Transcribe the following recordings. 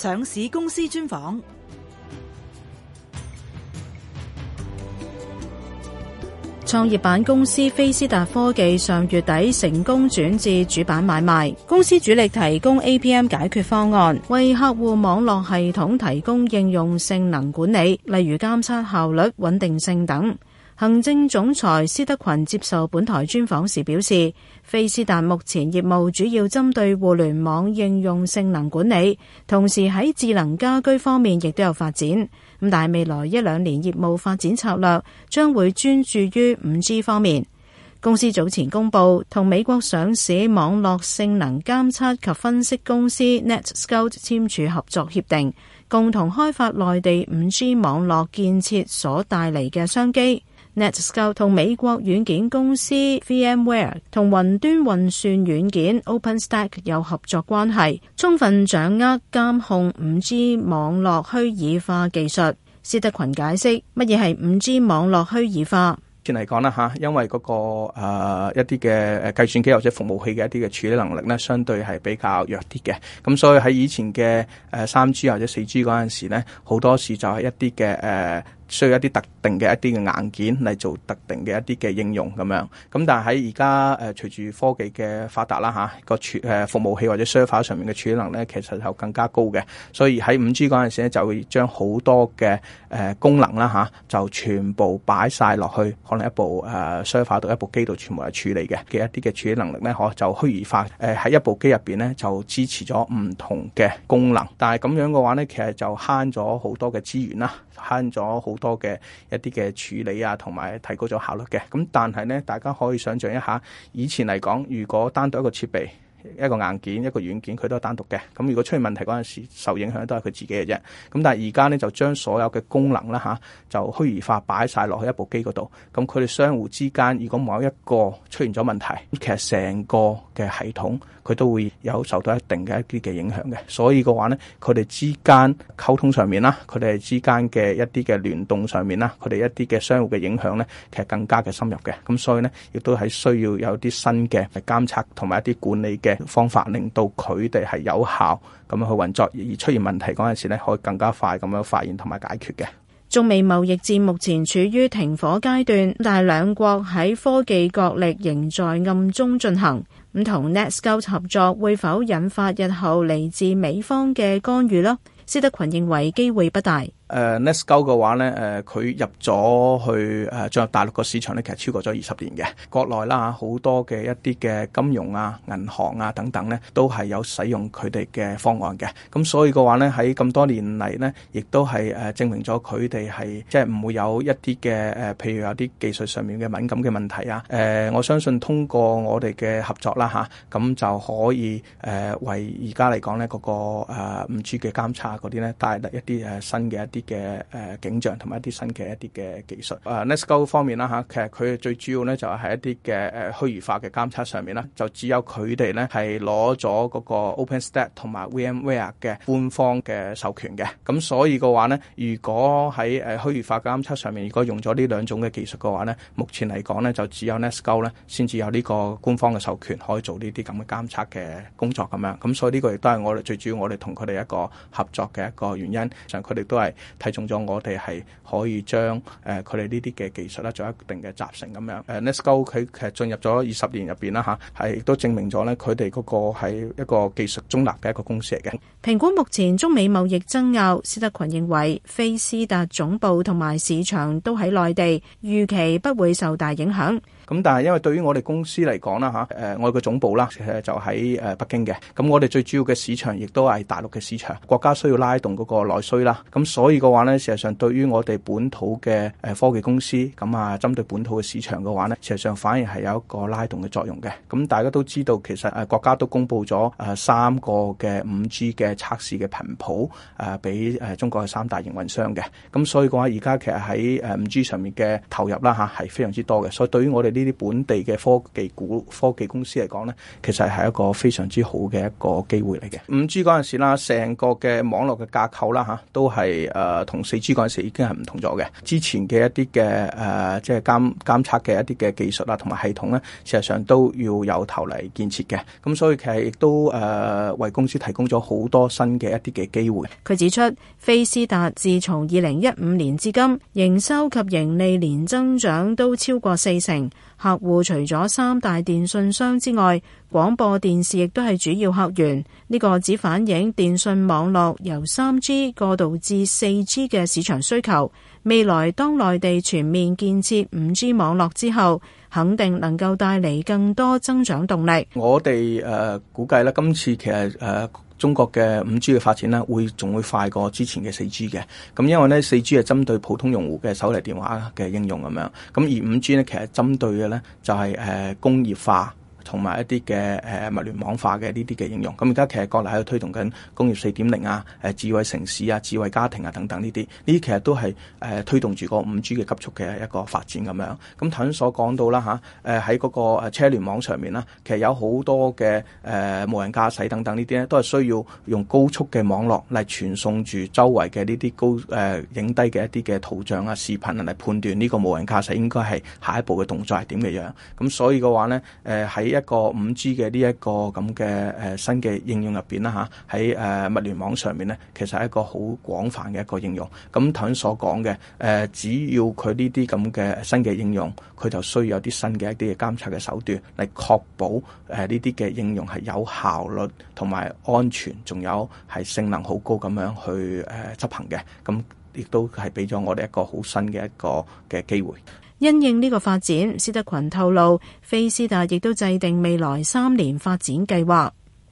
上市公司專訪，創業板公司飛思達科技上月底成功轉至主板買賣。公司主力提供 APM 解決方案，為客戶網絡系統提供應用性能管理，例如監測效率、穩定性等。行政總裁施德群接受本台專訪時表示，飛思達目前業務主要針對互聯網應用性能管理，同時喺智能家居方面亦都有發展。咁但係未來一兩年業務發展策略將會專注於五 G 方面。公司早前公布同美國上市網絡性能監測及分析公司 NetScout 簽署合作協定，共同開發內地五 G 網絡建設所帶嚟嘅商機。NetScout 同美國軟件公司 VMware 同雲端運算軟件 OpenStack 有合作關係，充分掌握監控五 G 網絡虛擬化技術。施德群解釋乜嘢係五 G 網絡虛擬化？先嚟講啦嚇，因為嗰、那個、呃、一啲嘅計算機或者服務器嘅一啲嘅處理能力呢，相對係比較弱啲嘅。咁所以喺以前嘅誒三 G 或者四 G 嗰陣時咧，好多時就係一啲嘅誒。呃需要一啲特定嘅一啲嘅硬件嚟做特定嘅一啲嘅應用咁樣。咁但係喺而家誒隨住科技嘅發達啦嚇，個儲誒服務器或者 server 上面嘅處理能力咧、呃啊呃啊呃，其實就更加高嘅。所以喺五 G 嗰陣時咧，就會將好多嘅誒功能啦嚇，就全部擺晒落去可能一部誒 server 度、一部機度全部嚟處理嘅嘅一啲嘅處理能力咧，可就虛擬化誒喺一部機入邊咧就支持咗唔同嘅功能。但係咁樣嘅話咧，其實就慳咗好多嘅資源啦。慳咗好多嘅一啲嘅處理啊，同埋提高咗效率嘅。咁但係咧，大家可以想像一下，以前嚟講，如果單獨一個設備。一個硬件一個軟件佢都係單獨嘅，咁如果出現問題嗰陣時受影響都係佢自己嘅啫。咁但係而家咧就將所有嘅功能啦吓，就虛擬化擺晒落去一部機，嗰度，咁佢哋相互之間如果某一個出現咗問題，其實成個嘅系統佢都會有受到一定嘅一啲嘅影響嘅。所以嘅話咧，佢哋之間溝通上面啦，佢哋之間嘅一啲嘅聯動上面啦，佢哋一啲嘅相互嘅影響咧，其實更加嘅深入嘅。咁所以咧亦都係需要有啲新嘅監測同埋一啲管理嘅方法令到佢哋係有效咁樣去運作，而出現問題嗰陣時咧，可以更加快咁樣發現同埋解決嘅。中美貿易戰目前處於停火階段，但係兩國喺科技角力仍在暗中進行。咁同 NetScout 合作會否引發日後嚟自美方嘅干預咧？施德群認為機會不大。誒 n e t s c o 嘅話咧，佢入咗去誒進入大陸個市場咧，其實超過咗二十年嘅國內啦吓，好多嘅一啲嘅金融啊、銀行啊等等咧，都係有使用佢哋嘅方案嘅。咁所以嘅話咧，喺咁多年嚟咧，亦都係誒證明咗佢哋係即係唔會有一啲嘅誒，譬如有啲技術上面嘅敏感嘅問題啊。誒、呃，我相信通過我哋嘅合作啦吓，咁、啊、就可以誒、呃、為而家嚟講咧嗰誒誒五 G 嘅監測嗰啲咧，帶嚟一啲誒新嘅一啲嘅誒景象同埋一啲新嘅一啲嘅技術。誒 Nesco 方面啦吓，其實佢最主要咧就係一啲嘅誒虛擬化嘅監測上面啦，就只有佢哋咧係攞咗嗰個 OpenStack 同埋 VMware 嘅官方嘅授權嘅。咁所以嘅話咧，如果喺誒虛擬化監測上面，如果用咗呢兩種嘅技術嘅話咧，目前嚟講咧就只有 Nesco 咧先至有呢個官方嘅授權可以做呢啲咁嘅監測嘅工作咁樣。咁所以呢個亦都係我哋最主要我哋同佢哋一個合作嘅一個原因。其實佢哋都係。睇中咗我哋係可以將誒佢哋呢啲嘅技術咧做一定嘅集成咁樣誒，NextGo 佢其實進入咗二十年入邊啦嚇，係亦都證明咗咧佢哋嗰個係一個技術中立嘅一個公司嚟嘅。評估目前中美貿易爭拗，施德群認為飛思達總部同埋市場都喺內地，預期不會受大影響。咁但係因為對於我哋公司嚟講啦吓誒我哋嘅總部啦，其實就喺誒北京嘅。咁我哋最主要嘅市場亦都係大陸嘅市場，國家需要拉動嗰個內需啦。咁所以嘅話咧，事實上對於我哋本土嘅誒科技公司，咁啊針對本土嘅市場嘅話咧，事實上反而係有一個拉動嘅作用嘅。咁大家都知道，其實誒國家都公布咗誒三個嘅五 G 嘅測試嘅頻譜誒俾誒中國嘅三大營運商嘅。咁所以嘅話而家其實喺誒五 G 上面嘅投入啦吓係非常之多嘅。所以對於我哋呢呢啲本地嘅科技股、科技公司嚟講咧，其實係一個非常之好嘅一個機會嚟嘅。五 G 嗰陣時啦，成個嘅網絡嘅架構啦，吓都係誒同四 G 嗰陣時已經係唔同咗嘅。之前嘅一啲嘅誒，即係監監測嘅一啲嘅技術啊，同埋系統咧，事實上都要由頭嚟建設嘅。咁所以其實亦都誒、呃、為公司提供咗好多新嘅一啲嘅機會。佢指出，飛思達自從二零一五年至今，營收及盈利年增長都超過四成。客戶除咗三大電信商之外，廣播電視亦都係主要客源。呢個只反映電信網絡由三 G 過渡至四 G 嘅市場需求。未來當內地全面建設五 G 網絡之後，肯定能夠帶嚟更多增長動力。我哋誒估計啦，今次其實誒中國嘅五 G 嘅發展咧，會仲會快過之前嘅四 G 嘅。咁因為呢，四 G 係針對普通用戶嘅手提電話嘅應用咁樣。咁而五 G 呢，其實針對嘅呢，就係工業化。同埋一啲嘅誒物聯網化嘅呢啲嘅應用，咁而家其實國內喺度推動緊工業四點零啊、誒智慧城市啊、智慧家庭啊等等呢啲，呢啲其實都係誒推動住個五 G 嘅急速嘅一個發展咁樣，咁頭先所講到啦，吓誒喺嗰個誒車聯網上面啦，其實有好多嘅誒、啊、無人駕駛等等呢啲咧，都係需要用高速嘅網絡嚟傳送住周圍嘅呢啲高誒影低嘅一啲嘅圖像啊、視頻啊嚟判斷呢個無人駕駛應該係下一步嘅動作係點嘅樣，咁所以嘅話咧，誒、啊。喺一一個五 G 嘅呢一個咁嘅誒新嘅應用入邊啦吓，喺誒物聯網上面咧，其實係一個好廣泛嘅一個應用。咁頭先所講嘅誒，只要佢呢啲咁嘅新嘅應用，佢就需要有啲新嘅一啲嘅監察嘅手段，嚟確保誒呢啲嘅應用係有效率、同埋安全，仲有係性能好高咁樣去誒執行嘅。咁亦都係俾咗我哋一個好新嘅一個嘅機會。因應呢個發展，施德群透露，飛思達亦都制定未來三年發展計劃。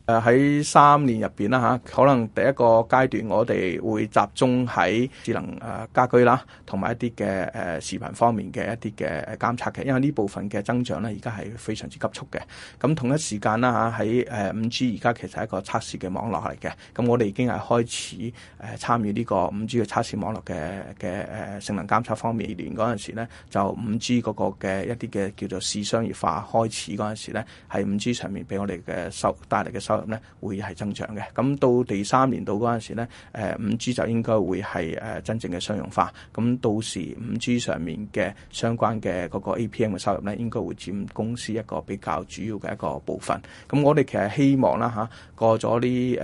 誒喺三年入面啦吓，可能第一個階段我哋會集中喺智能家居啦，同埋一啲嘅視頻方面嘅一啲嘅監測嘅，因為呢部分嘅增長咧，而家係非常之急促嘅。咁同一時間啦吓，喺誒五 G 而家其實係一個測試嘅網絡嚟嘅。咁我哋已經係開始誒參與呢個五 G 嘅測試網絡嘅嘅誒性能監測方面。而嗰陣時咧，就五 G 嗰個嘅一啲嘅叫做試商業化開始嗰陣時咧，喺五 G 上面俾我哋嘅收帶嚟嘅收。咧會係增長嘅，咁到第三年度嗰陣時咧，誒五 G 就應該會係誒真正嘅商用化，咁到時五 G 上面嘅相關嘅嗰個 APM 嘅收入咧，應該會佔公司一個比較主要嘅一個部分。咁我哋其實希望啦、啊、嚇，過咗呢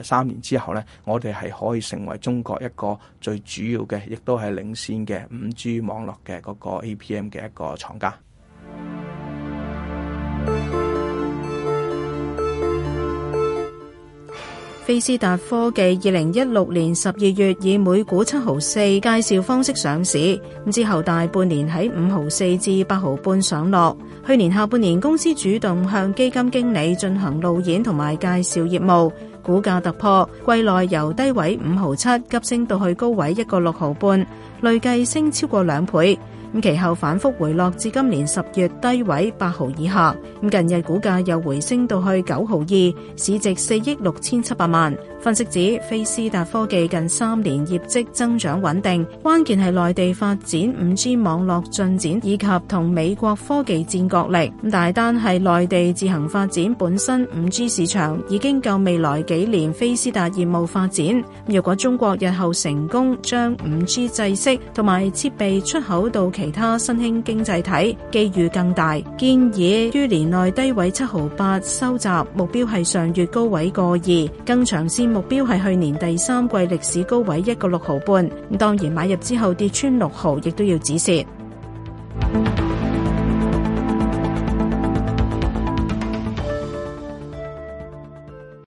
誒三年之後咧，我哋係可以成為中國一個最主要嘅，亦都係領先嘅五 G 網絡嘅嗰個 APM 嘅一個廠家。思達科技二零一六年十二月以每股七毫四介紹方式上市，之後大半年喺五毫四至八毫半上落。去年下半年公司主動向基金經理進行路演同埋介紹業務，股價突破，季內由低位五毫七急升到去高位一個六毫半，累計升超過兩倍。咁其後反覆回落，至今年十月低位八毫以下。咁近日股價又回升到去九毫二，市值四億六千七百萬。分析指，飛思達科技近三年業績增長穩定，關鍵係內地發展五 G 網絡進展，以及同美國科技戰角力。大單係內地自行發展本身五 G 市場已經夠未來幾年飛思達業務發展。如若果中國日後成功將五 G 制式同埋設備出口到期其他新興經濟體機遇更大，建議於年內低位七毫八收集，目標係上月高位個二，更長線目標係去年第三季歷史高位一個六毫半。當然買入之後跌穿六毫，亦都要止蝕。